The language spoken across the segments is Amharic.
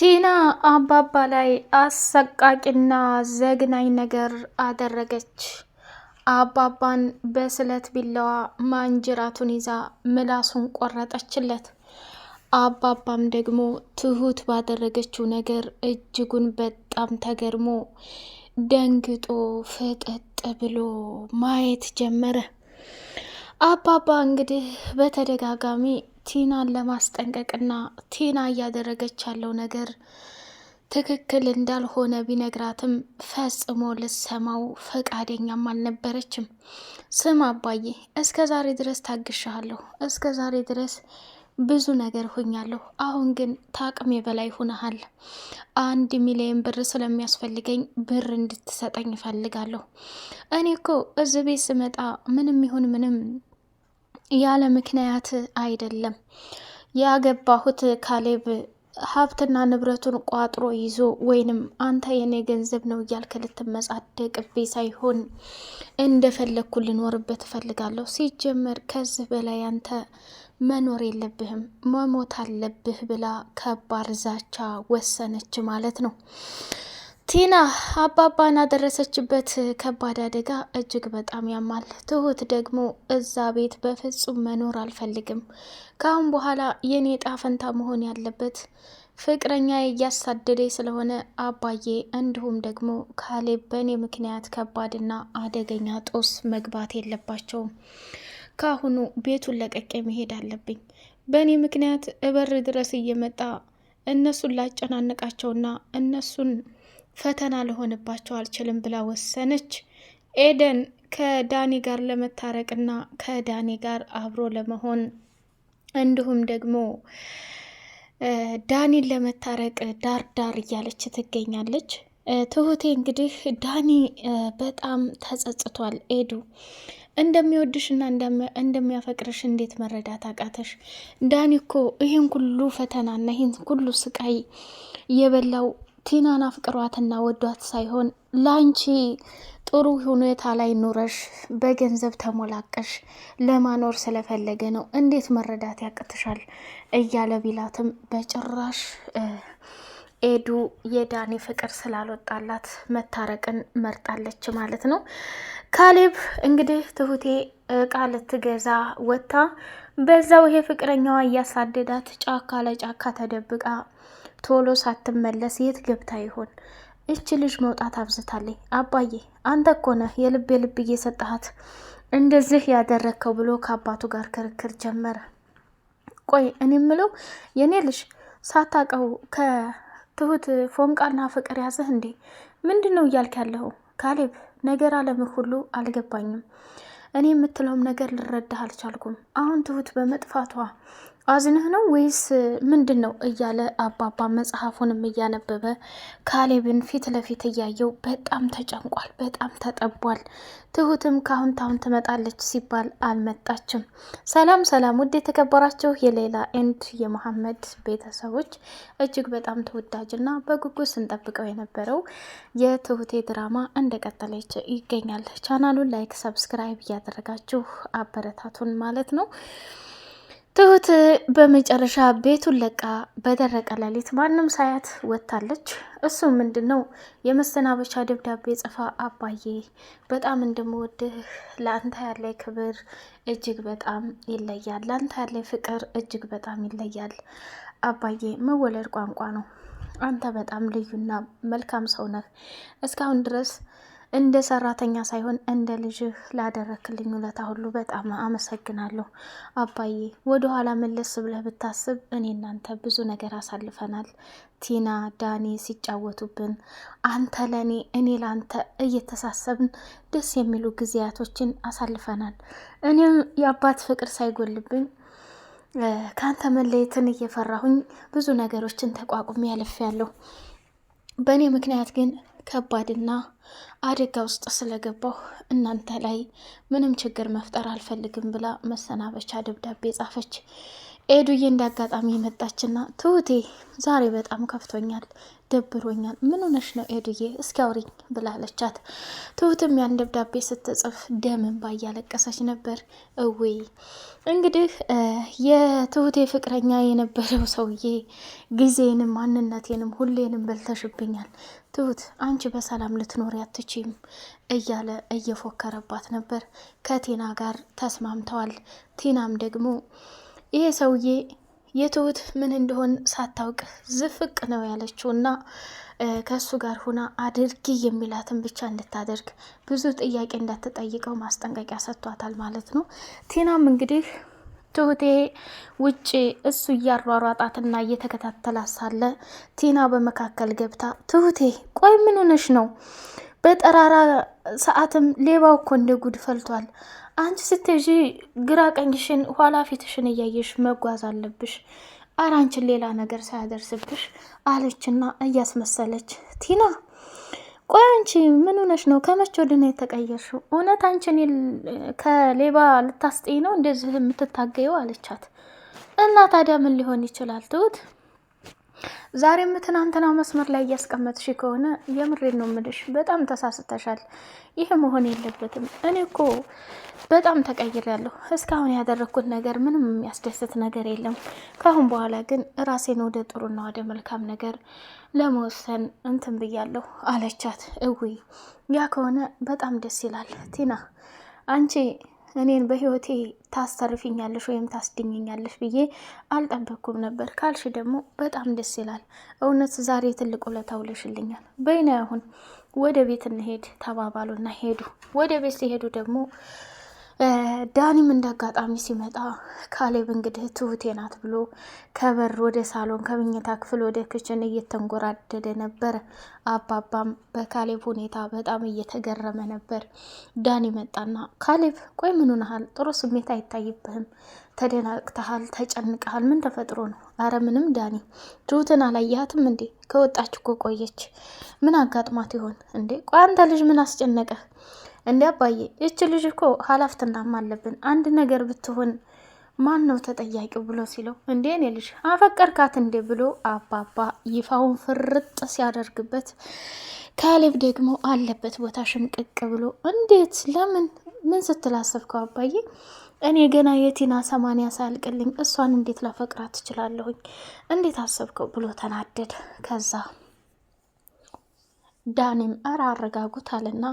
ቲና አባባ ላይ አሰቃቂና ዘግናኝ ነገር አደረገች። አባባን በስለት ቢላዋ ማንጅራቱን ይዛ ምላሱን ቆረጠችለት። አባባም ደግሞ ትሁት ባደረገችው ነገር እጅጉን በጣም ተገርሞ ደንግጦ ፍጥጥ ብሎ ማየት ጀመረ። አባባ እንግዲህ በተደጋጋሚ ቲናን ለማስጠንቀቅና ቲና እያደረገች ያለው ነገር ትክክል እንዳልሆነ ቢነግራትም ፈጽሞ ልሰማው ፈቃደኛም አልነበረችም። ስም አባዬ እስከ ዛሬ ድረስ ታግሻለሁ፣ እስከ ዛሬ ድረስ ብዙ ነገር ሆኛለሁ። አሁን ግን ታቅሜ በላይ ሁነሃል። አንድ ሚሊዮን ብር ስለሚያስፈልገኝ ብር እንድትሰጠኝ እፈልጋለሁ። እኔ እኮ እዚህ ቤት ስመጣ ምንም ይሁን ምንም ያለ ምክንያት አይደለም። ያገባሁት ካሌብ ሀብትና ንብረቱን ቋጥሮ ይዞ ወይንም አንተ የኔ ገንዘብ ነው እያልክ ልትመጻደቅብኝ ሳይሆን እንደፈለግኩ ልኖርበት እፈልጋለሁ። ሲጀመር ከዚህ በላይ አንተ መኖር የለብህም መሞት አለብህ ብላ ከባድ ዛቻ ወሰነች ማለት ነው። ቲና አባባን አደረሰችበት ከባድ አደጋ እጅግ በጣም ያማል። ትሁት ደግሞ እዛ ቤት በፍጹም መኖር አልፈልግም፣ ከአሁን በኋላ የኔ ጣፈንታ መሆን ያለበት ፍቅረኛ እያሳደደ ስለሆነ አባዬ፣ እንዲሁም ደግሞ ካሌብ በእኔ ምክንያት ከባድና አደገኛ ጦስ መግባት የለባቸውም። ካሁኑ ቤቱን ለቀቄ መሄድ አለብኝ። በእኔ ምክንያት እበር ድረስ እየመጣ እነሱን ላጨናንቃቸውና እነሱን ፈተና ልሆንባቸው አልችልም ብላ ወሰነች። ኤደን ከዳኒ ጋር ለመታረቅና ከዳኒ ጋር አብሮ ለመሆን እንዲሁም ደግሞ ዳኒን ለመታረቅ ዳር ዳር እያለች ትገኛለች። ትሁቴ እንግዲህ ዳኒ በጣም ተጸጽቷል። ኤዱ እንደሚወድሽና እንደሚያፈቅርሽ እንዴት መረዳት አቃተሽ? ዳኒ እኮ ይህን ሁሉ ፈተናና ይህን ሁሉ ስቃይ የበላው ቲናን አፍቅሯትና ወዷት ሳይሆን ላንቺ ጥሩ ሁኔታ ላይ ኑረሽ በገንዘብ ተሞላቀሽ ለማኖር ስለፈለገ ነው፣ እንዴት መረዳት ያቅትሻል እያለ ቢላትም በጭራሽ ኤዱ የዳኒ ፍቅር ስላልወጣላት መታረቅን መርጣለች ማለት ነው። ካሌብ እንግዲህ ትሁቴ እቃ ልትገዛ ወጥታ በዛው ይሄ ፍቅረኛዋ እያሳደዳት ጫካ ለጫካ ተደብቃ ቶሎ ሳትመለስ የት ገብታ ይሆን? እች ልጅ መውጣት አብዝታለኝ። አባዬ አንተ እኮ ነህ የልብ የልብ እየሰጠሃት እንደዚህ ያደረግከው ብሎ ከአባቱ ጋር ክርክር ጀመረ። ቆይ እኔ ምለው የእኔ ልጅ ሳታውቀው ከትሁት ፎንቃና ፍቅር ያዘህ እንዴ? ምንድን ነው እያልክ ያለኸው? ካሌብ ነገር አለምህ ሁሉ አልገባኝም። እኔ የምትለውም ነገር ልረዳህ አልቻልኩም። አሁን ትሁት በመጥፋቷ አዝነህ ነው ወይስ ምንድን ነው እያለ አባባ መጽሐፉንም እያነበበ ካሌብን ፊት ለፊት እያየው በጣም ተጨንቋል፣ በጣም ተጠቧል። ትሁትም ካሁን ታሁን ትመጣለች ሲባል አልመጣችም። ሰላም ሰላም! ውድ የተከበራችሁ የሌላ ኤንድ የመሐመድ ቤተሰቦች እጅግ በጣም ተወዳጅና በጉጉት ስንጠብቀው የነበረው የትሁቴ ድራማ እንደቀጠለች ይገኛል። ቻናሉን ላይክ፣ ሰብስክራይብ እያደረጋችሁ አበረታቱን ማለት ነው። ትሁት በመጨረሻ ቤቱን ለቃ በደረቀ ሌሊት ማንም ሳያት ወጥታለች። እሱ ምንድን ነው የመሰናበቻ ደብዳቤ ጽፋ አባዬ በጣም እንደምወድህ ለአንተ ያለ ክብር እጅግ በጣም ይለያል፣ ለአንተ ያለ ፍቅር እጅግ በጣም ይለያል። አባዬ መወለድ ቋንቋ ነው። አንተ በጣም ልዩና መልካም ሰው ነህ። እስካሁን ድረስ እንደ ሰራተኛ ሳይሆን እንደ ልጅህ ላደረክልኝ ውለታ ሁሉ በጣም አመሰግናለሁ አባዬ። ወደኋላ መለስ ብለህ ብታስብ እኔ እናንተ ብዙ ነገር አሳልፈናል። ቲና ዳኒ ሲጫወቱብን፣ አንተ ለእኔ እኔ ለአንተ እየተሳሰብን ደስ የሚሉ ጊዜያቶችን አሳልፈናል። እኔም የአባት ፍቅር ሳይጎልብኝ ከአንተ መለየትን እየፈራሁኝ ብዙ ነገሮችን ተቋቁሜ ያለፍ ያለሁ በእኔ ምክንያት ግን ከባድና አደጋ ውስጥ ስለገባሁ እናንተ ላይ ምንም ችግር መፍጠር አልፈልግም ብላ መሰናበቻ ደብዳቤ ጻፈች። ኤዱዬ እንዳጋጣሚ የመጣችና ትሁቴ ዛሬ በጣም ከፍቶኛል፣ ደብሮኛል፣ ምን ሆነሽ ነው ኤዱዬ እስኪ አውሪኝ ብላለቻት። ትሁትም ያን ደብዳቤ ስትጽፍ ደምን ባያለቀሰች ነበር። እዌ እንግዲህ የትሁቴ ፍቅረኛ የነበረው ሰውዬ ጊዜንም ማንነቴንም ሁሌንም በልተሽብኛል ትሁት አንቺ በሰላም ልትኖሪ አትችም እያለ እየፎከረባት ነበር። ከቲና ጋር ተስማምተዋል። ቲናም ደግሞ ይሄ ሰውዬ የትሁት ምን እንደሆን ሳታውቅ ዝፍቅ ነው ያለችው እና ከእሱ ጋር ሁና አድርጊ የሚላትን ብቻ እንድታደርግ ብዙ ጥያቄ እንዳትጠይቀው ማስጠንቀቂያ ሰጥቷታል ማለት ነው። ቴናም እንግዲህ ትሁቴ ውጭ እሱ እያሯሯጣትና እየተከታተላት ሳለ ቲና በመካከል ገብታ ትሁቴ ቆይ ምን ሆነሽ ነው? በጠራራ ሰዓትም ሌባው እኮ እንደ ጉድ ፈልቷል። አንቺ ስትሄጂ ግራ ቀኝሽን ኋላ ፊትሽን እያየሽ መጓዝ አለብሽ፣ ኧረ አንቺን ሌላ ነገር ሳያደርስብሽ አለችና እያስመሰለች ቲና፣ ቆይ አንቺ ምን ሆነሽ ነው? ከመቼ ወዲህ ነው የተቀየርሽው? እውነት አንቺን ከሌባ ልታስጤኝ ነው እንደዚህ የምትታገየው? አለቻት። እና ታዲያ ምን ሊሆን ይችላል ትሁት ዛሬም ትናንትና መስመር ላይ እያስቀመጥሽ ከሆነ የምሬን ነው ምልሽ፣ በጣም ተሳስተሻል። ይህ መሆን የለበትም። እኔ እኮ በጣም ተቀይሬያለሁ። እስካሁን ያደረግኩት ነገር ምንም የሚያስደስት ነገር የለም። ከአሁን በኋላ ግን ራሴን ወደ ጥሩና ወደ መልካም ነገር ለመወሰን እንትን ብያለሁ አለቻት። እዊ ያ ከሆነ በጣም ደስ ይላል ቲና አንቺ እኔን በህይወቴ ታስተርፊኛለሽ ወይም ታስድኝኛለሽ ብዬ አልጠበኩም ነበር ካልሽ ደግሞ በጣም ደስ ይላል። እውነት ዛሬ ትልቅ ውለታ ውለሽልኛል። በይና አሁን ወደ ቤት እንሄድ ተባባሉና ሄዱ። ወደ ቤት ሲሄዱ ደግሞ ዳኒም እንደ አጋጣሚ ሲመጣ ካሌብ እንግዲህ ትሁቴ ናት ብሎ ከበር ወደ ሳሎን ከመኝታ ክፍል ወደ ክችን እየተንጎራደደ ነበር። አባባም በካሌብ ሁኔታ በጣም እየተገረመ ነበር። ዳኒ መጣና ካሌብ ቆይ ምን ሆነሃል? ጥሩ ስሜት አይታይብህም። ተደናቅተሃል፣ ተጨንቀሃል። ምን ተፈጥሮ ነው? አረ ምንም ዳኒ፣ ትሁትን አላያትም እንዴ? ከወጣች እኮ ቆየች። ምን አጋጥሟት ይሆን እንዴ? ቆይ አንተ ልጅ ምን አስጨነቀህ? እንዲ አባዬ፣ ይች ልጅ እኮ ኃላፊነትም አለብን አንድ ነገር ብትሆን ማን ነው ተጠያቂ ብሎ ሲለው እንዴ እኔ ልጅ አፈቀርካት እንዴ ብሎ አባባ ይፋውን ፍርጥ ሲያደርግበት ካሌብ ደግሞ አለበት ቦታ ሽምቅቅ ብሎ እንዴት ለምን ምን ስትላሰብከው አባዬ? እኔ ገና የቲና ሰማንያ ሳያልቅልኝ እሷን እንዴት ላፈቅራት ትችላለሁኝ? እንዴት አሰብከው ብሎ ተናደደ። ከዛ ዳኒም እረ አረጋጉት አለና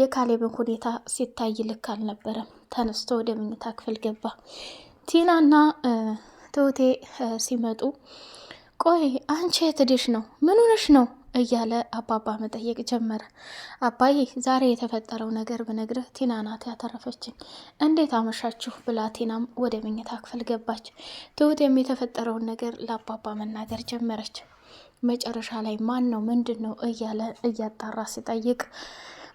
የካሌብን ሁኔታ ሲታይ ልክ አልነበረም። ተነስቶ ወደ መኝታ ክፍል ገባ። ቲናና ትሁቴ ሲመጡ ቆይ አንቺ የትድሽ ነው? ምን ሆነሽ ነው? እያለ አባባ መጠየቅ ጀመረ። አባዬ ዛሬ የተፈጠረው ነገር ብነግርህ ቲና ናት ያተረፈችኝ። እንዴት አመሻችሁ ብላ ቲናም ወደ መኝታ ክፍል ገባች። ትሁቴም የተፈጠረውን ነገር ለአባባ መናገር ጀመረች። መጨረሻ ላይ ማን ነው ምንድን ነው እያለ እያጣራ ሲጠይቅ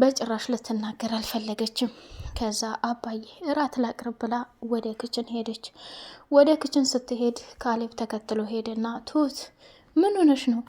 በጭራሽ ልትናገር አልፈለገችም። ከዛ አባዬ እራት ላቅርብ ብላ ወደ ክችን ሄደች። ወደ ክችን ስትሄድ ካሌብ ተከትሎ ሄደና ትሁት ምን ሆነሽ ነው?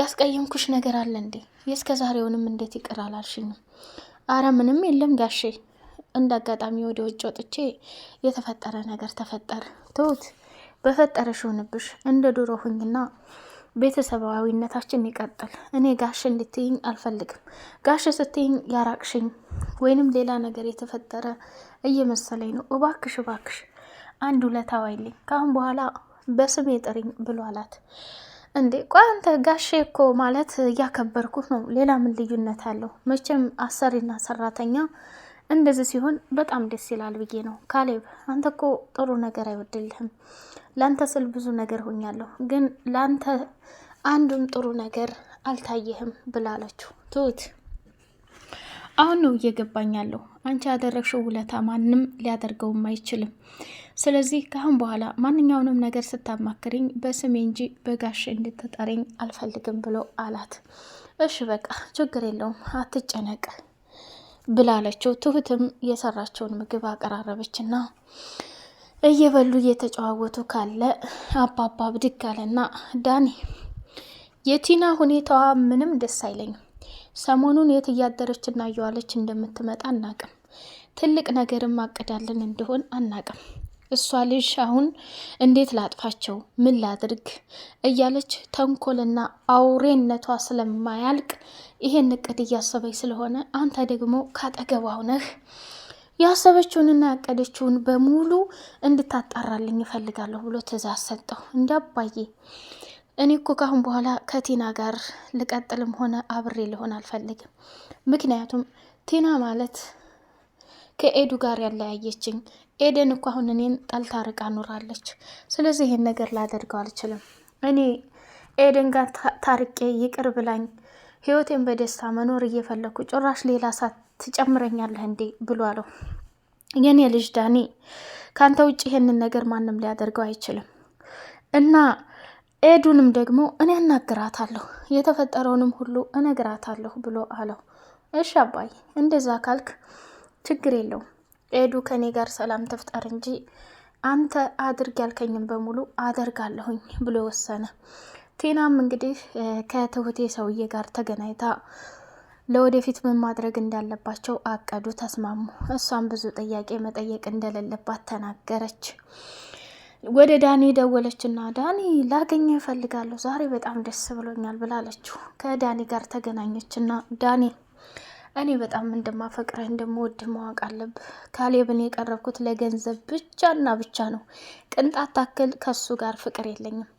ያስቀየምኩሽ ነገር አለ እንዴ? የእስከ ዛሬውንም እንዴት ይቅር አላልሽኝም? አረ ምንም የለም ጋሼ፣ እንደ አጋጣሚ ወደ ውጭ ወጥቼ የተፈጠረ ነገር ተፈጠረ። ትሁት በፈጠረሽ ሆንብሽ እንደ ዱሮ ሁኝና ቤተሰባዊነታችን ይቀጥል። እኔ ጋሽ እንድትይኝ አልፈልግም። ጋሽ ስትይኝ ያራቅሽኝ ወይንም ሌላ ነገር የተፈጠረ እየመሰለኝ ነው። እባክሽ እባክሽ አንድ ውለታ ዋይልኝ፣ ከአሁን በኋላ በስሜ ጥሪኝ ብሎ አላት። እንዴ ቆይ አንተ ጋሼ እኮ ማለት እያከበርኩት ነው። ሌላ ምን ልዩነት አለው? መቼም አሰሪና ሰራተኛ እንደዚህ ሲሆን በጣም ደስ ይላል ብዬ ነው። ካሌብ አንተ እኮ ጥሩ ነገር አይወድልህም። ለአንተ ስል ብዙ ነገር ሆኛለሁ፣ ግን ለአንተ አንዱም ጥሩ ነገር አልታየህም ብላለችው። ትሁት አሁን ነው እየገባኛለሁ። አንቺ ያደረግሽው ውለታ ማንም ሊያደርገውም አይችልም። ስለዚህ ከአሁን በኋላ ማንኛውንም ነገር ስታማክርኝ በስሜ እንጂ በጋሽ እንድትጠሪኝ አልፈልግም ብሎ አላት። እሺ በቃ ችግር የለውም አትጨነቅ ብላለችው። ትሁትም የሰራቸውን ምግብ አቀራረበችና እየበሉ እየተጨዋወቱ ካለ አባባ ብድግ አለና ዳኒ የቲና ሁኔታዋ ምንም ደስ አይለኝም። ሰሞኑን የት እያደረች እና እየዋለች እንደምትመጣ አናቅም። ትልቅ ነገርም አቅዳለን እንደሆን አናቅም። እሷ ልጅ አሁን እንዴት ላጥፋቸው፣ ምን ላድርግ እያለች ተንኮልና አውሬነቷ ስለማያልቅ ይሄን እቅድ እያሰበች ስለሆነ አንተ ደግሞ ካጠገቧ ሁነህ ያሰበችውንና ያቀደችውን በሙሉ እንድታጣራልኝ እፈልጋለሁ ብሎ ትእዛዝ ሰጠው። እንደ አባዬ እኔ እኮ ካሁን በኋላ ከቲና ጋር ልቀጥልም ሆነ አብሬ ልሆን አልፈልግም። ምክንያቱም ቲና ማለት ከኤዱ ጋር ያለያየችኝ ኤደን እኮ አሁን እኔን ጠልታ ርቃ ኑራለች። ስለዚህ ይህን ነገር ላደርገው አልችልም። እኔ ኤደን ጋር ታርቄ ይቅር ብላኝ ህይወቴን በደስታ መኖር እየፈለግኩ ጭራሽ ሌላ ሳት ትጨምረኛለህ እንዴ ብሎ አለው። የኔ ልጅ ዳኒ ከአንተ ውጭ ይሄንን ነገር ማንም ሊያደርገው አይችልም እና ኤዱንም ደግሞ እኔ አናግራታለሁ፣ የተፈጠረውንም ሁሉ እነግራታለሁ ብሎ አለው። እሺ አባይ እንደዛ ካልክ ችግር የለውም ኤዱ ከኔ ጋር ሰላም ተፍጠር እንጂ አንተ አድርግ ያልከኝም በሙሉ አደርጋለሁኝ ብሎ ወሰነ። ቴናም እንግዲህ ከትሁቴ ሰውዬ ጋር ተገናኝታ ለወደፊት ምን ማድረግ እንዳለባቸው አቀዱ፣ ተስማሙ። እሷም ብዙ ጥያቄ መጠየቅ እንደሌለባት ተናገረች። ወደ ዳኒ ደወለችና ዳኒ ላገኘ እፈልጋለሁ ዛሬ በጣም ደስ ብሎኛል ብላለችው። ከዳኒ ጋር ተገናኘችና ዳኒ እኔ በጣም እንደማፈቅረህ እንደምወድህ ማወቅ አለብህ። ካሌብን የቀረብኩት ለገንዘብ ብቻና ብቻ ነው። ቅንጣት ታክል ከሱ ጋር ፍቅር የለኝም።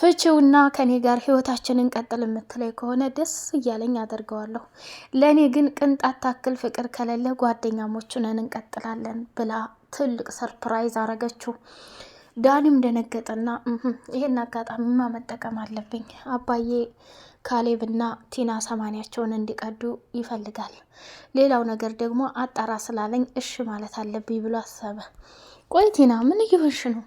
ፍቺውና ከኔ ጋር ህይወታችንን ቀጥል የምትለይ ከሆነ ደስ እያለኝ አደርገዋለሁ። ለእኔ ግን ቅንጣት ታክል ፍቅር ከሌለ ጓደኛሞች ነን እንቀጥላለን ብላ ትልቅ ሰርፕራይዝ አረገችው። ዳኒም ደነገጠና ይህን አጋጣሚማ መጠቀም አለብኝ አባዬ ካሌብና ቲና ሰማንያቸውን እንዲቀዱ ይፈልጋል። ሌላው ነገር ደግሞ አጣራ ስላለኝ እሺ ማለት አለብኝ ብሎ አሰበ። ቆይ ቲና ምን እየሆንሽ ነው?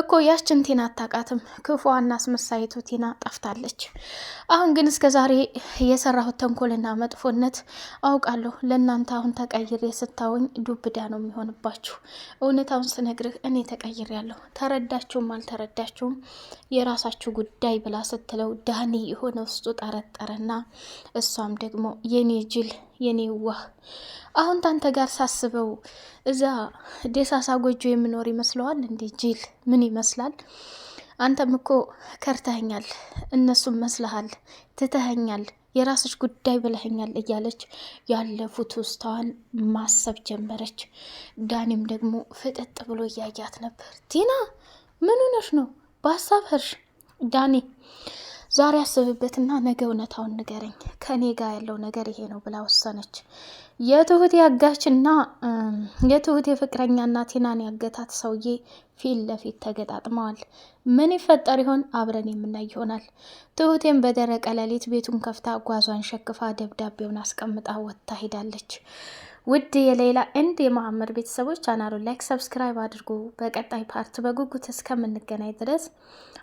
እኮ ያችን ቲና አታውቃትም። ክፉዋና አስመሳይቱ ቲና ጠፍታለች። አሁን ግን እስከ ዛሬ የሰራሁት ተንኮልና መጥፎነት አውቃለሁ። ለእናንተ አሁን ተቀይሬ ስታወኝ ዱብዳ ነው የሚሆንባችሁ። እውነታውን ስነግርህ እኔ ያለሁ ተረዳችሁም አልተረዳችሁም የራሳችሁ ጉዳይ ብላ ስትለው ዳኒ የሆነ ውስጡ ጠረጠረና እሷም ደግሞ የኔ ጅል የኔ ዋህ አሁን ታንተ ጋር ሳስበው እዛ ደሳሳ ጎጆ የምኖር ይመስለዋል እንዴ? ጅል ምን ይመስላል? አንተም እኮ ከርተኸኛል፣ እነሱም መስለሃል፣ ትተኸኛል፣ የራስሽ ጉዳይ ብለኸኛል እያለች ያለፉት ውስታዋን ማሰብ ጀመረች። ዳኒም ደግሞ ፍጥጥ ብሎ እያያት ነበር። ቲና ምን ሆነሽ ነው? በሀሳብ ህርሽ ዳኒ ዛሬ አስብበትና ነገ እውነታውን ንገረኝ፣ ከእኔ ጋር ያለው ነገር ይሄ ነው ብላ ወሰነች። የትሁት ያጋችና የትሁት የፍቅረኛና ቲናን ያገታት ሰውዬ ፊት ለፊት ተገጣጥመዋል። ምን ይፈጠር ይሆን? አብረን የምናይ ይሆናል። ትሁቴን በደረቀ ሌሊት ቤቱን ከፍታ ጓዟን ሸክፋ ደብዳቤውን አስቀምጣ ወጥታ ሄዳለች። ውድ የሌላ እንድ የመሀመድ ቤተሰቦች ቻናሉን ላይክ፣ ሰብስክራይብ አድርጉ። በቀጣይ ፓርት በጉጉት እስከምንገናኝ ድረስ